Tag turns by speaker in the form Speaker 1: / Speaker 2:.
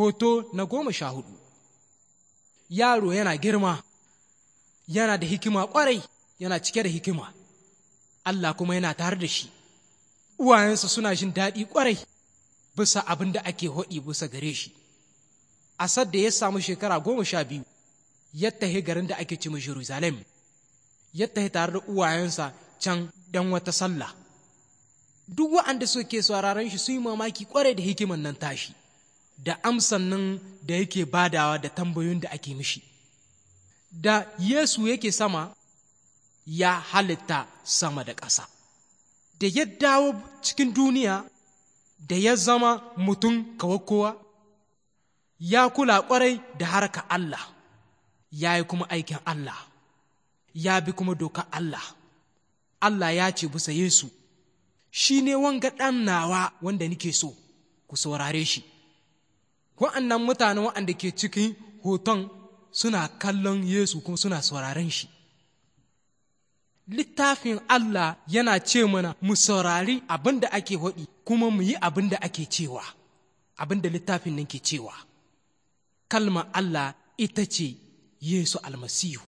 Speaker 1: hoto na goma sha hudu yaro yana girma yana da hikima kwarai yana cike da hikima Allah kuma yana tare da shi uwayensa suna jin daɗi kwarai bisa abin da ake hoɗi bisa gare shi asad da ya samu shekara goma sha biyu ya tahi garin da ake cimu jerusalem ya tahi tare da uwayensa can dan wata sallah duk wa'anda suke sauraron shi sun yi mamaki kwarai da hikiman nan tashi da amsan nan da yake badawa da tambayoyin da ake mishi da yesu yake sama ya halitta sama da ƙasa da ya dawo cikin duniya da ya zama mutum kowa ya kula ƙwarai da harka Allah ya yi kuma aikin Allah ya bi kuma doka Allah Allah ya ce bisa Yesu shi ne wanga ɗan nawa wanda nike so ku saurare shi wa'annan mutane wa'anda ke cikin hoton suna kallon Yesu kuma suna sauraren shi littafin Allah yana ce mana mu saurari abin da ake waɗi kuma mu yi abin da ake cewa abin da littafin nan ke cewa kalman Allah ita ce Yesu almasihu